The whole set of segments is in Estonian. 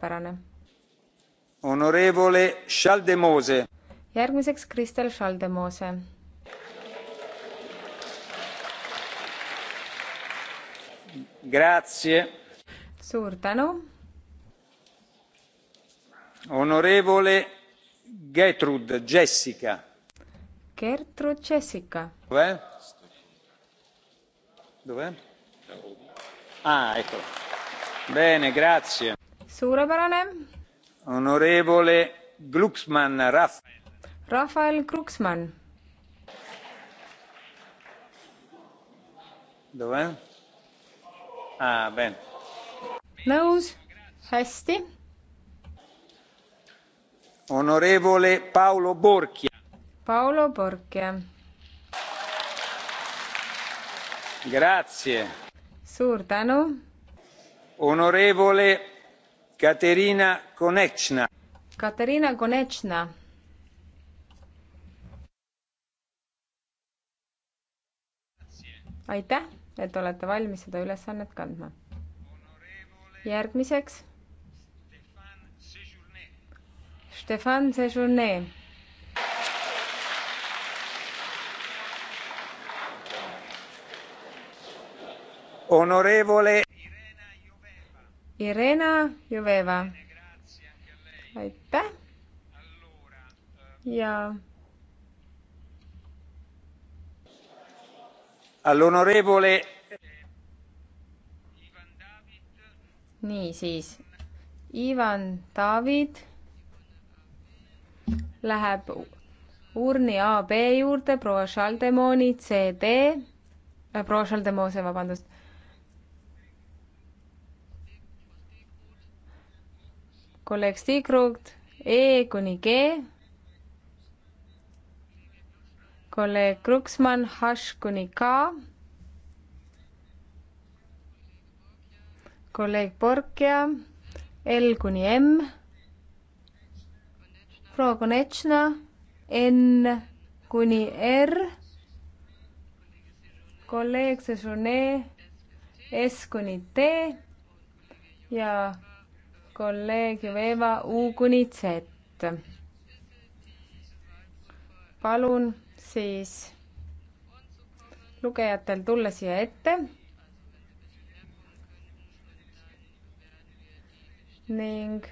suurepärane. Honorevole Schaldemose. järgmiseks Kristel Schaldemose. Grazie. suur tänu. Honorevole Gertrud Jessica. Gertrud Jessica. Dov'è? Dov'è? Ah, ecco. Bene, grazie suurepärane. Honorevole Glucksmann, rahv-. Rafael Glucksmann. Ah, nõus, hästi. Honorevole Paolo Borgia. Paolo Borgia. Grazie. suur tänu. Honorevole Katerina Konečna. Katerina Konečna. aitäh, et olete valmis seda ülesannet kandma. järgmiseks. Stefan Sejourne. Honorevole Irena Juveva. aitäh. ja. all'onorevole. niisiis, Ivan David läheb urni AB juurde, proua Šaldemoni CD, äh, proua Šaldemose, vabandust kolleeg Stigrud E kuni G, kolleeg Kruksmann H kuni K, kolleeg Borkia L kuni M, proua Konechna N kuni R, kolleeg Sejourne S kuni T ja kolleeg Juveva U kuni Z. palun siis lugejatel tulla siia ette. ning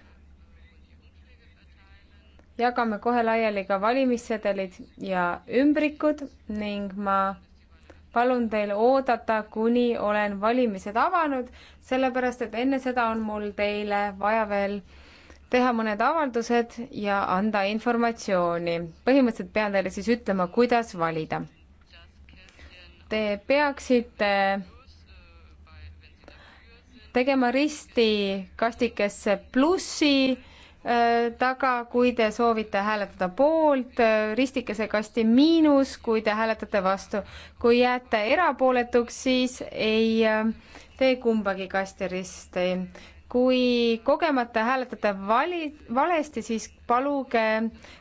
jagame kohe laiali ka valimissedelid ja ümbrikud ning ma palun teil oodata, kuni olen valimised avanud, sellepärast et enne seda on mul teile vaja veel teha mõned avaldused ja anda informatsiooni. põhimõtteliselt pean teile siis ütlema, kuidas valida. Te peaksite tegema risti kastikesse plussi Äh, taga, kui te soovite hääletada poolt, äh, ristikese kasti miinus, kui te hääletate vastu. kui jääte erapooletuks, siis ei äh, tee kumbagi kasti risti. kui kogemata hääletate vali, valesti, siis paluge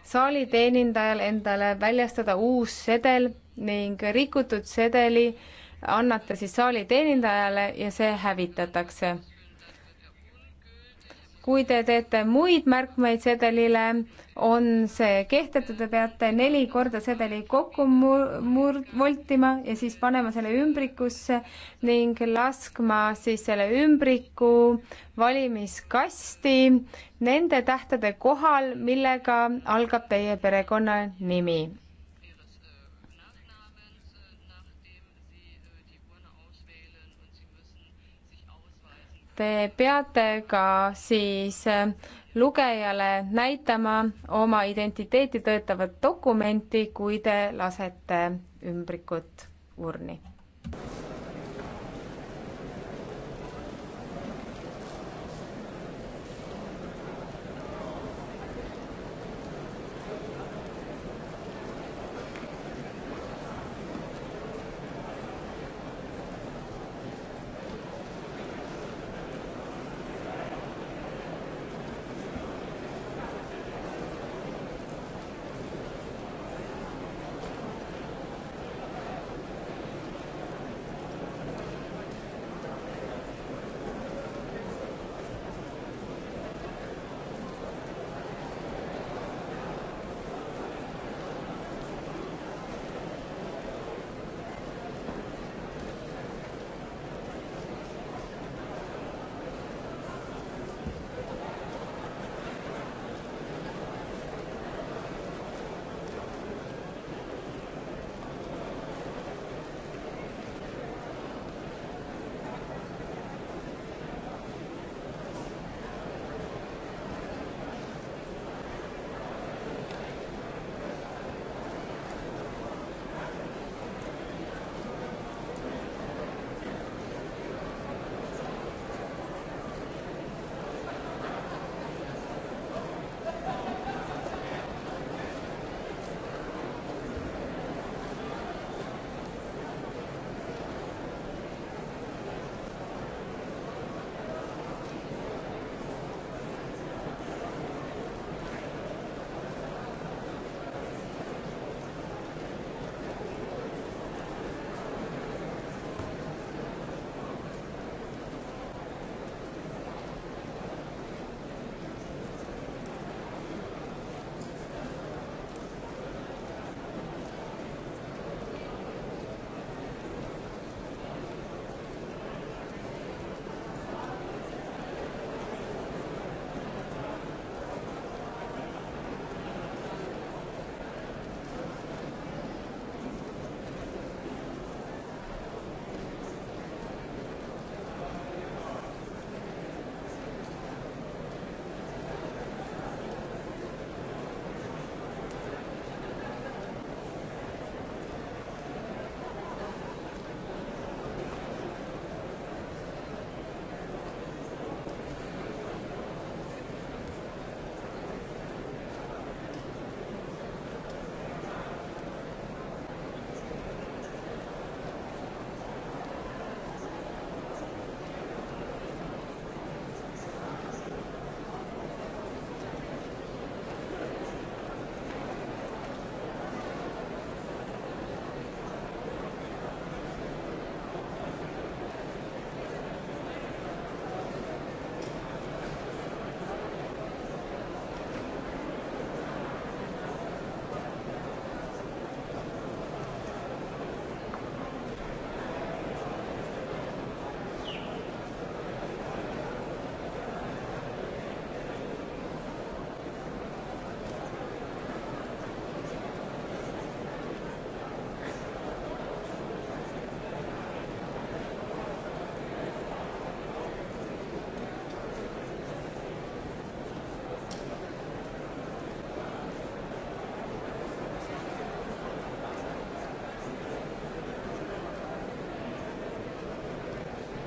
saali teenindajal endale väljastada uus sedel ning rikutud sedeli annate siis saali teenindajale ja see hävitatakse kui te teete muid märkmeid sedelile, on see kehtetu, te peate neli korda sedeli kokku mur-, mur-, voltima ja siis panema selle ümbrikusse ning laskma siis selle ümbriku valimiskasti nende tähtede kohal, millega algab teie perekonnanimi. te peate ka siis äh, lugejale näitama oma identiteeti tõetavat dokumenti, kui te lasete ümbrikut urni.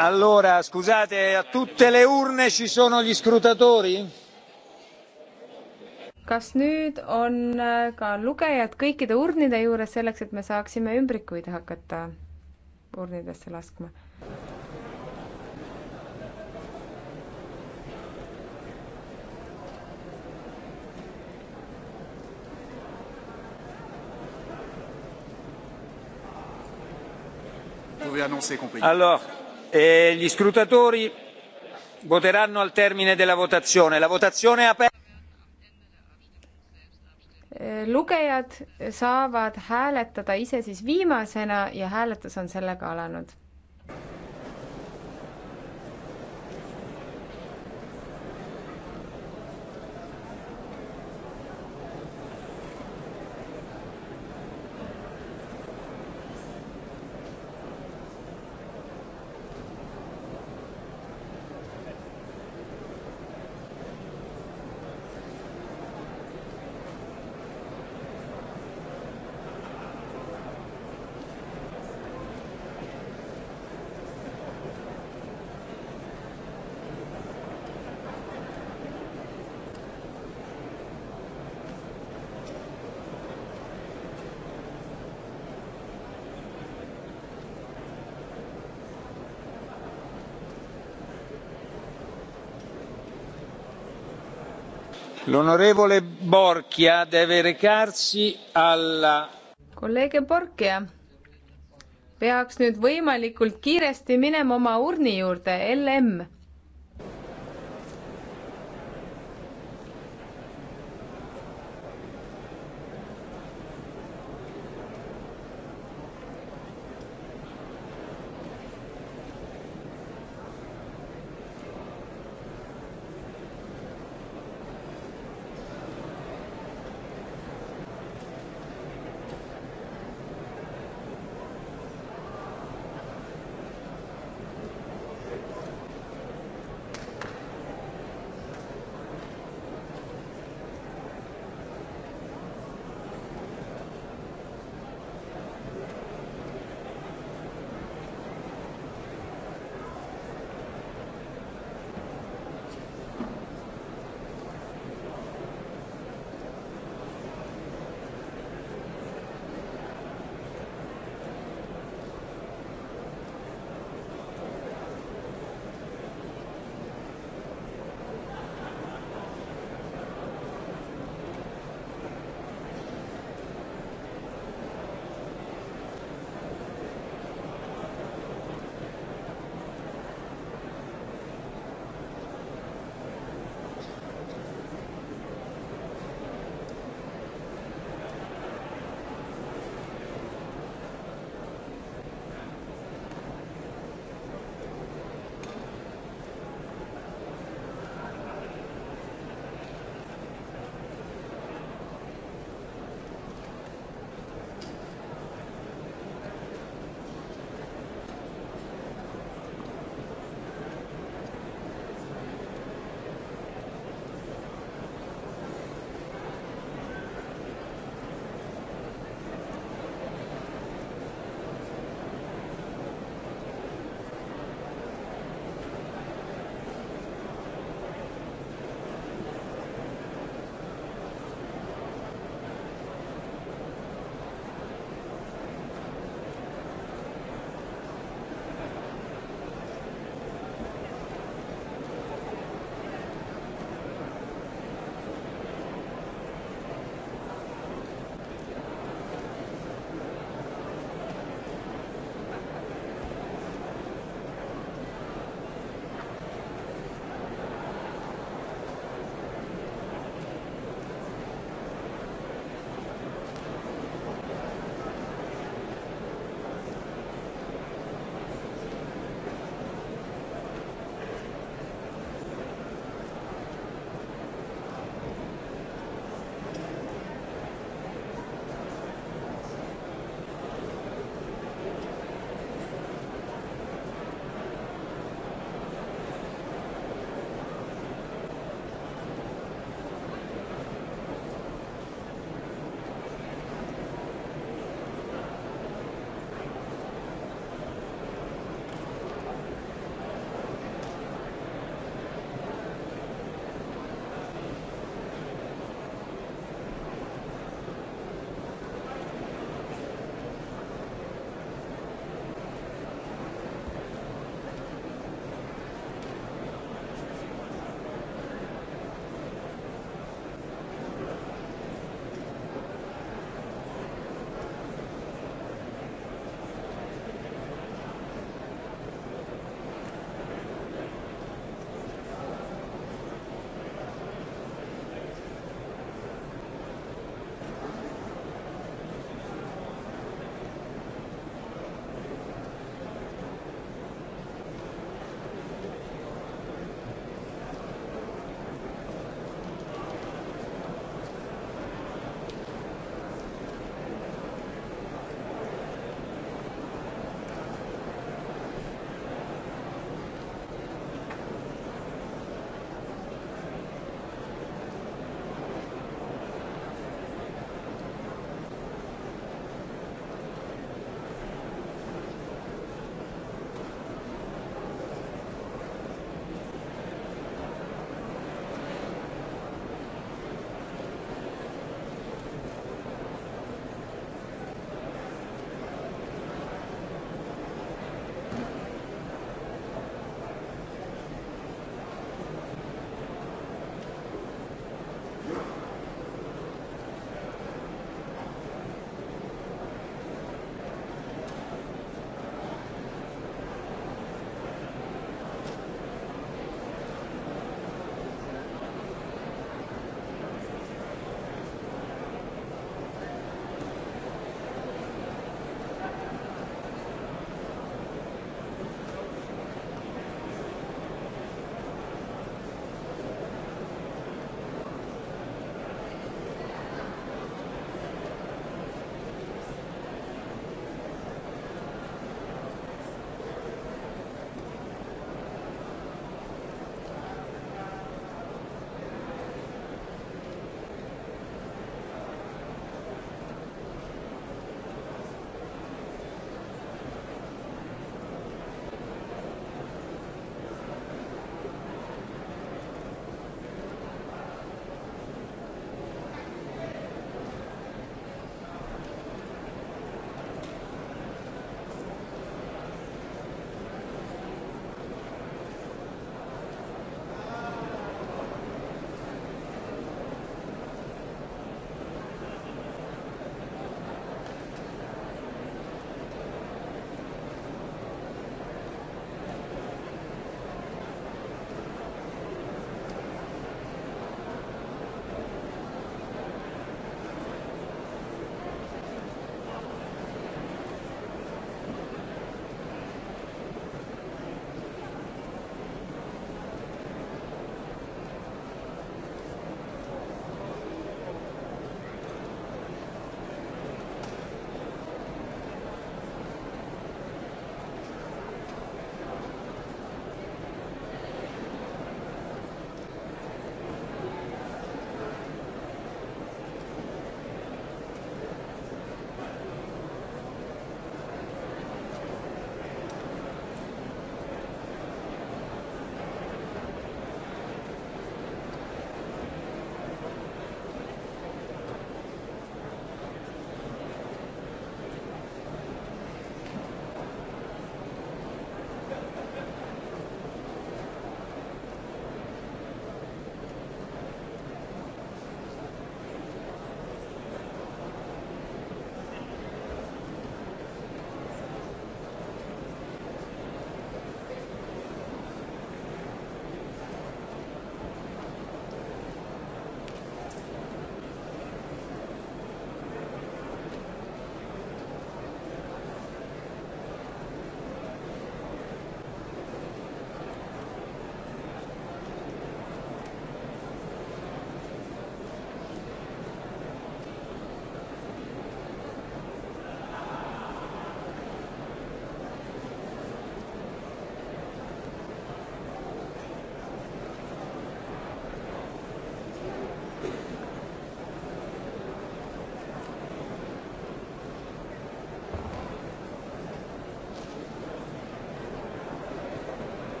allora scusate a tutte le urne ci sono gli scrutatori? kas nüüd on äh, ka lugejad kõikide urnide juures selleks, et me saaksime ümbrikuid hakata urnidesse laskma? Alors, E gli scrutatori voteranno al termine della votazione. La votazione è aperta. E lugejad saavad hääletada ise siis viimasena ja hääletus on sellega alanud. l'onorevole borchia deve recarsi alla. kolleeg borchia peaks nüüd võimalikult kiiresti minema oma urni juurde lm.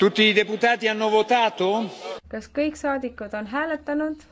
tutti i deputati hanno votato? kas kõik saadikud on hääletanud?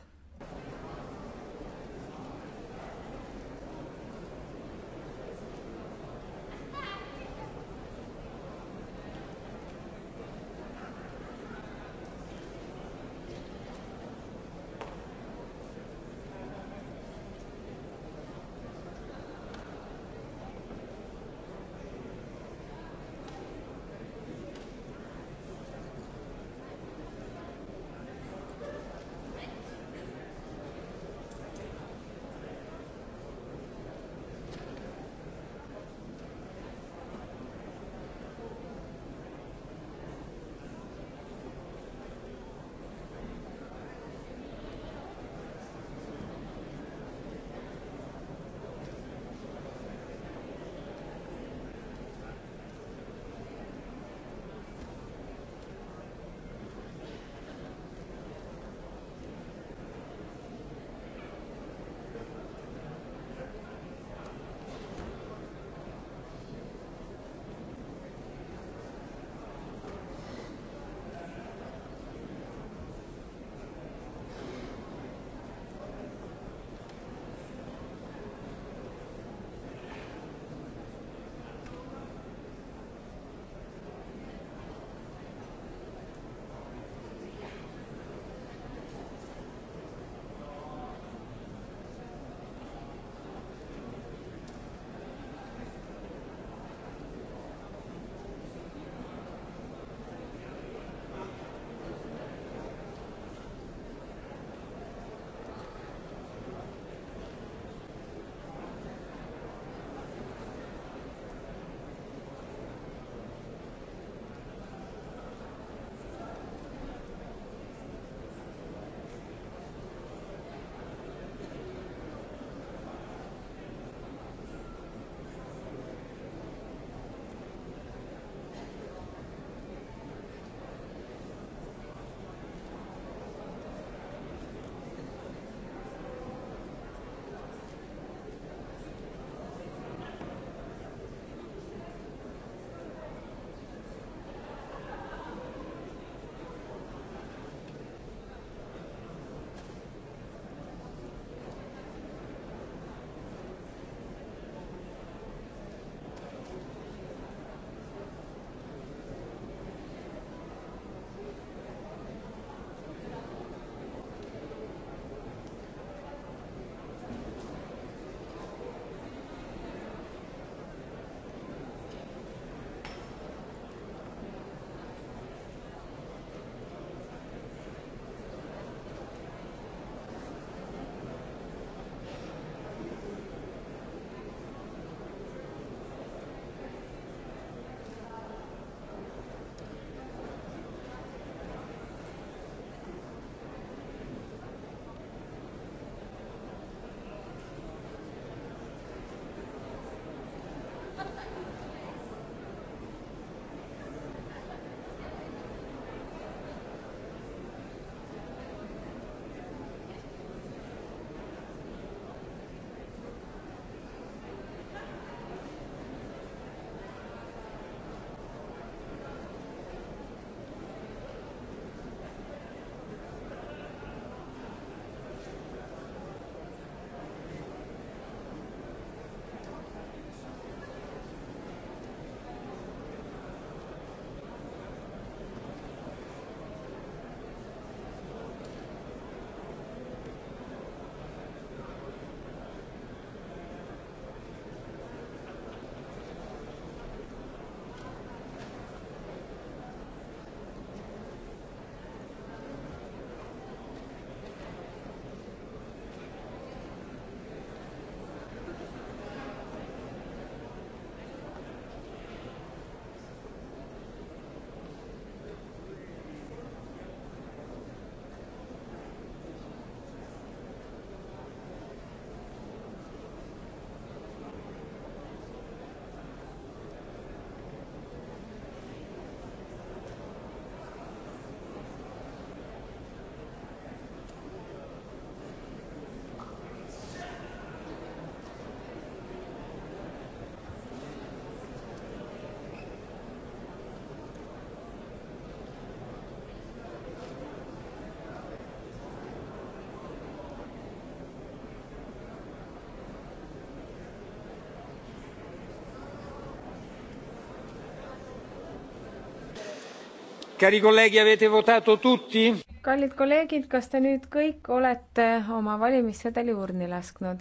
Cari colleghi, avete votato tutti? kallid kolleegid, kas te nüüd kõik olete oma valimissedeli urni lasknud?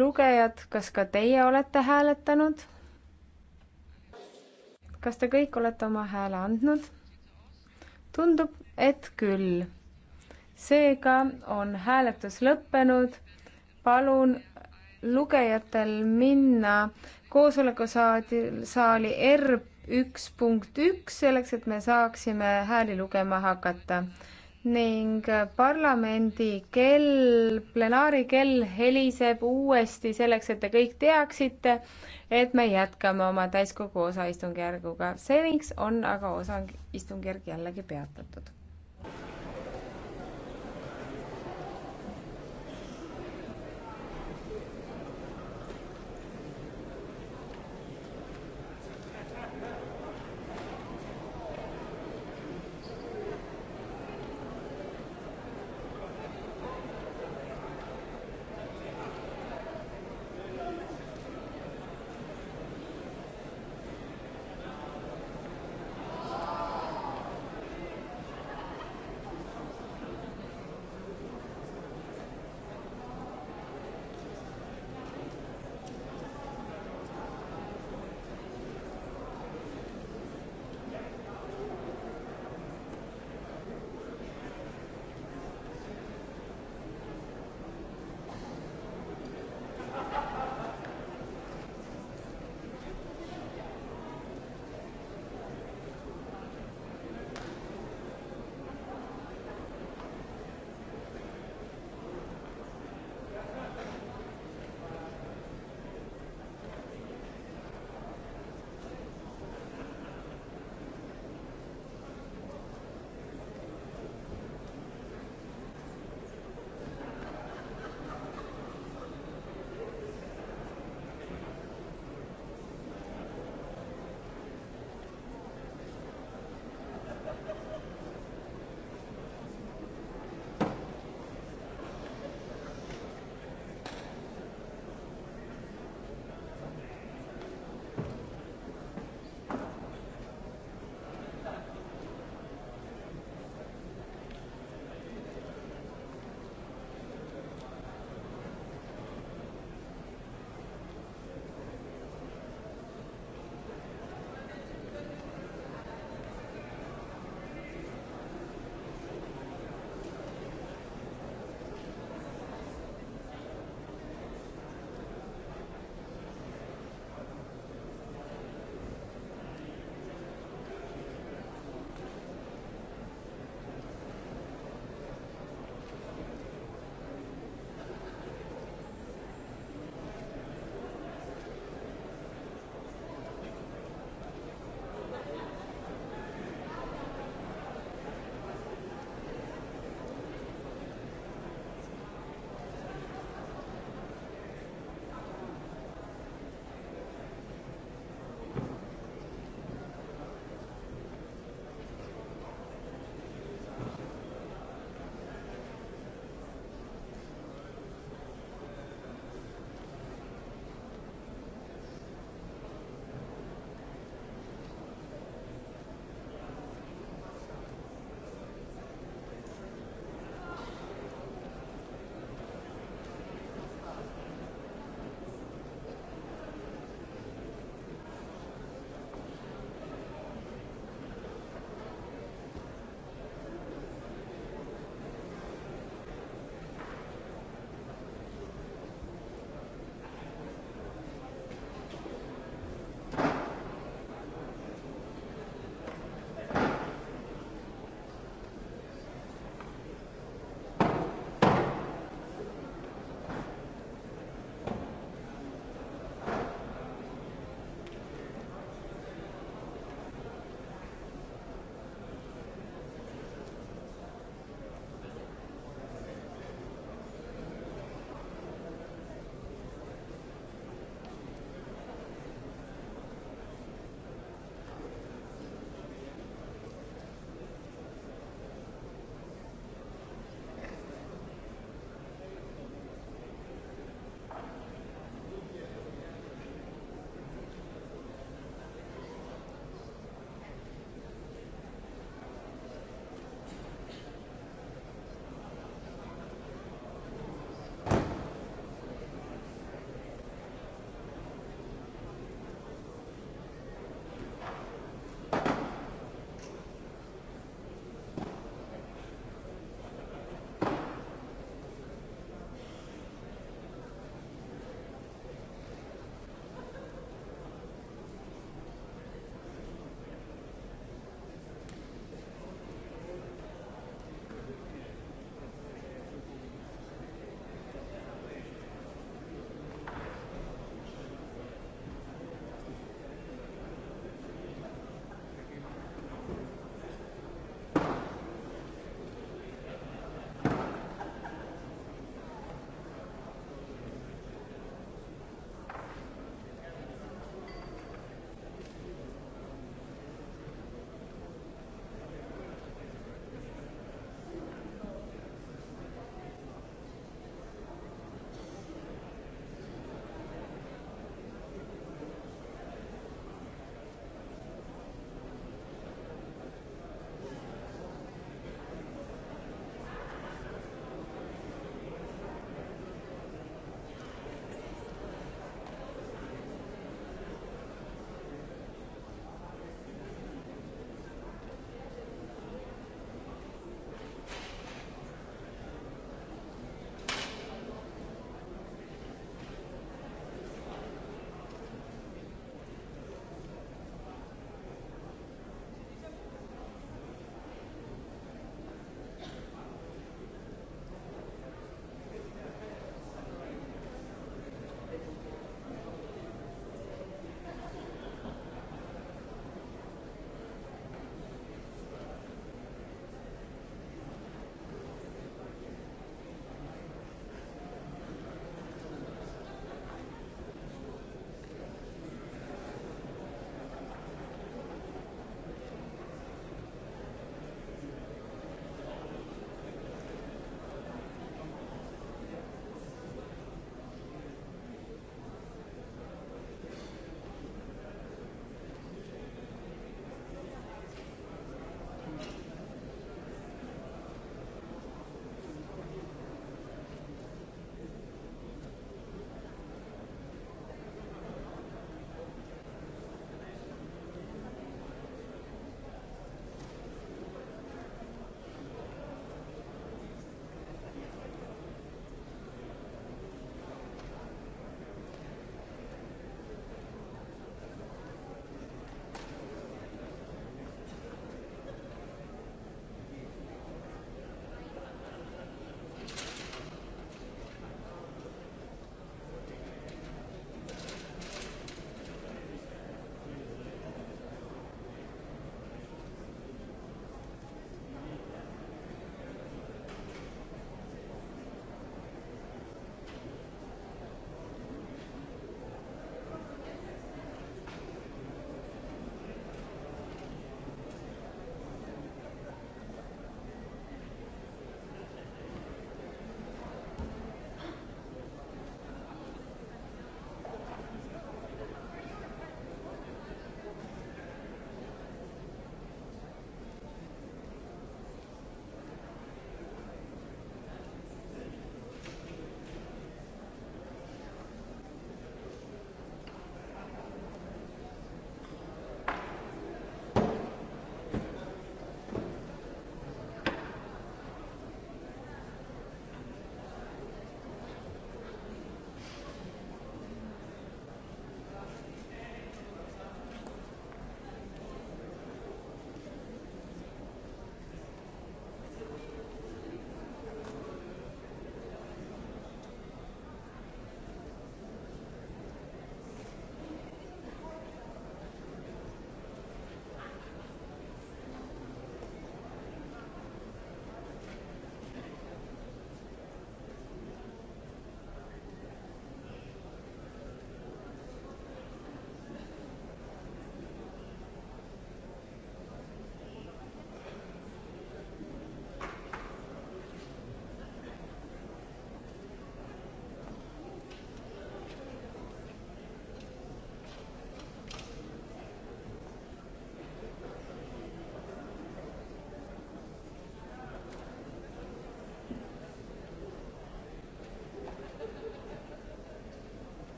lugejad, kas ka teie olete hääletanud? kas te kõik olete oma hääle andnud? tundub, et küll. seega on hääletus lõppenud. palun lugejatel minna koosolekusaali R üks punkt üks, selleks et me saaksime hääli lugema hakata ning parlamendi kell, plenaarikell heliseb uuesti selleks, et te kõik teaksite, et me jätkame oma täiskogu osaistungjärguga. seniks on aga osaistungjärk jällegi peatatud.